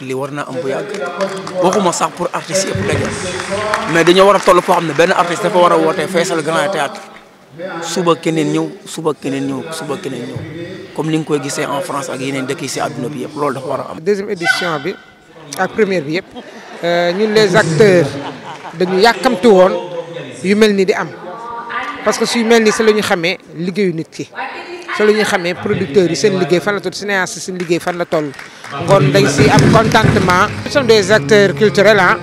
li war naa am bu yàgg waxuma sax pour artistes yëpp daje mais dañoo war a toll foo xam ne benn artiste dafa war a wootee feesal grand théâtre suba keneen ñëw suba keneen ñëw suba keneen ñëw comme ni nga koy gisee en France ak yeneen dëkk yi si àdduna bi yëpp loolu dafa war a am. deuxième édition bi ak première bi yëpp euh, ñun les acteurs dañu yàkkamti woon yu mel nii di am parce que suy mel ni sa la ñu xamee liggéeyu nit ki sa la ñu xamee producteurs yi seen liggéey fan la toll cinéaste seen liggéey fan la toll. ngoon dañ si contentement. nous sommes des acteurs culturels ah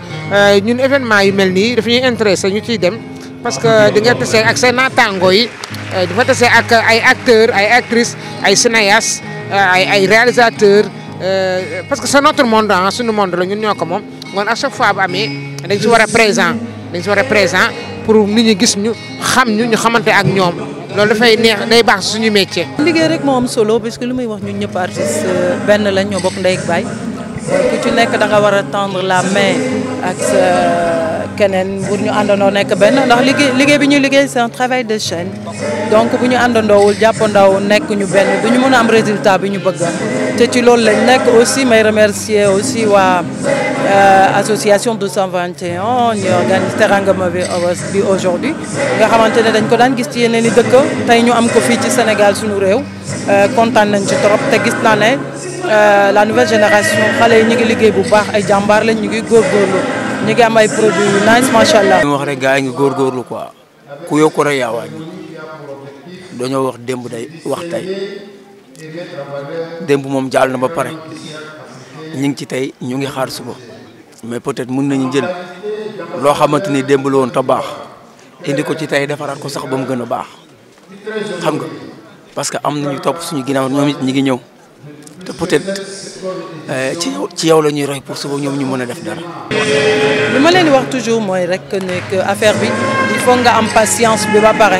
ñun événement yu mel nii daf intéressé ñu ciy dem parce que di nga tase ak seen naataangoo yi euh, dafa tase ak ay acteurs ay actrices ay cinéastes euh, ay ay réalisateurs parce que c'est notre monde c'est hein, suñu monde la ñun ñoo ko moom à chaque fois bu amee dañ si war a présent présent. pour nit ñi gis ñu xam ñu ñu xamante ak ñoom loolu dafay neex day baax suñu métier. liggéey rek moom solo parce que lu may wax ñun ñëpp artiste euh, benn lañ ñoo bokk ndey ak ci nekk da war a tendre la main ak sa euh, keneen pour ñu àndandoo nekk benn ndax liggéey liggéey bi ñuy liggéey c'est un travail de chaîne donc bu ñu àndandoowul jàppandaw nekk ñu benn bu ñu mën a am résultat bi ñu bëgg Té ci loolu lañ nekk aussi may remercier aussi waa euh, association 221 ñu organise teranga bi aujourd'hui nga xamante ne dañ ko daan gis ci yeneen i dëkk tey ñu am ko fii ci Sénégal suñu réew euh, kontaan nañ ci trop te gis naa ne euh, la nouvelle génération xale yi ñu ngi liggéey bu baax ay jàmbaar lañ ñu ngi góorgóorlu ñu ngi am ay produits yu nice macha allah. ñu wax rek gars yi ngi góorgóorlu quoi ku yokku rek yaa wàññi wax démb day wax tey. démb moom jàll na ba pare ñu ngi ci tey ñu ngi xaar suba mais peut-être mën nañu jël loo xamante ni démb la woon te baax indi ko ci tey defaraat ko sax ba mu gën a baax xam nga parce que am nañu topp suñu ginaaw ñoom it ñi ngi ñëw te peut-être euh, ci yow ci yow la ñuy roy pour suba ñoom ñu mën a def dara. li leen wax toujours mooy rek que affaire bi il faut nga am patience bi ba pare.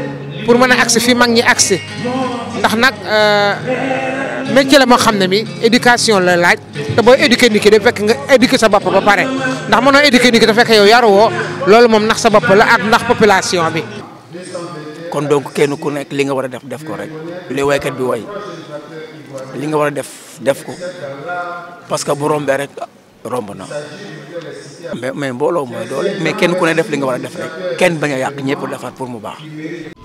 pour mëna axe fi mag ñi agsi ndax euh métier la mo xamné mi éducation la laaj té boo éduquer niki dé fekk nga éduquer sa bop ba pare ndax mëno éduquer niki ki da fekk yow wo loolu mom ndax sa bop la ak nak population bi kon donc kenn ku nek li nga wara def def ko rek li kat bi way li nga wara def def ko parce que bu rombé rek romb na mais mais mbolo moy dole mais kenn ku ne def li nga wara def rek kenn bañ a yàq ñëpp pour mu baax